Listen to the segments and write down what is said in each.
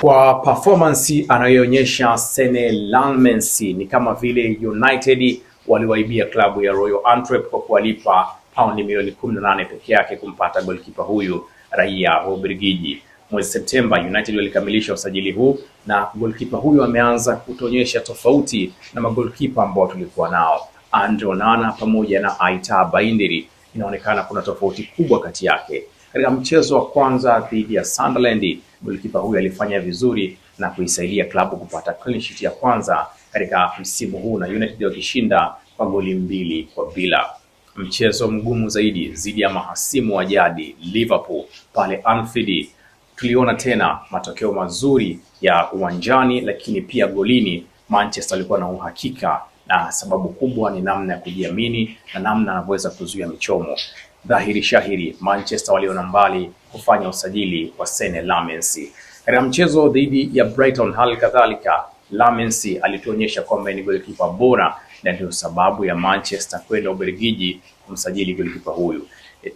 Kwa performance anayoonyesha Sene Lammens ni kama vile United waliwaibia klabu ya Royal Antwerp kwa kuwalipa paundi milioni 18 peke yake kumpata golikipa huyu raia wa Ubelgiji. Mwezi Septemba United walikamilisha usajili huu na golikipa huyu ameanza kutuonyesha tofauti na magolikipa ambao tulikuwa nao. Andre Onana pamoja na Aita Baindiri, inaonekana kuna tofauti kubwa kati yake katika mchezo wa kwanza dhidi ya Sunderland. Golikipa huyu alifanya vizuri na kuisaidia klabu kupata clean sheet ya kwanza katika msimu huu na United wakishinda kwa goli mbili kwa bila. Mchezo mgumu zaidi dhidi ya mahasimu wa jadi Liverpool pale Anfield, tuliona tena matokeo mazuri ya uwanjani, lakini pia golini Manchester alikuwa na uhakika na sababu kubwa ni namna ya kujiamini na namna anavyoweza kuzuia michomo. Dhahiri shahiri Manchester waliona mbali kufanya usajili wa Sene Lammens katika mchezo dhidi ya Brighton. Hali kadhalika Lammens alituonyesha kwamba ni golikipa bora na ndio sababu ya Manchester kwenda Ubelgiji kumsajili golikipa huyu.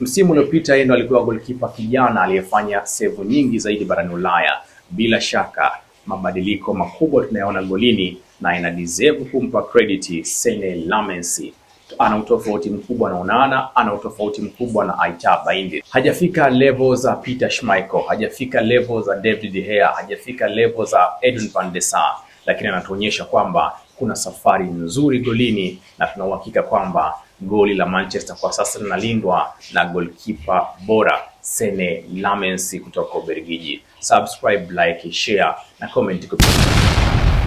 Msimu uliopita yeye ndo alikuwa golikipa kijana aliyefanya sevu nyingi zaidi barani Ulaya. Bila shaka mabadiliko makubwa tunayaona golini na ina deserve kumpa credit Sene Lamensi. Ana utofauti mkubwa na Onana, ana utofauti mkubwa na Aita Bindi. Hajafika level za Peter Schmeichel, hajafika level za David de Gea, hajafika level za Edwin van der Sar, lakini anatuonyesha kwamba kuna safari nzuri golini na tuna uhakika kwamba goli la Manchester kwa sasa linalindwa na goalkeeper bora Sene Lamensi kutoka Ubelgiji. Subscribe, like, share na comment. kupitia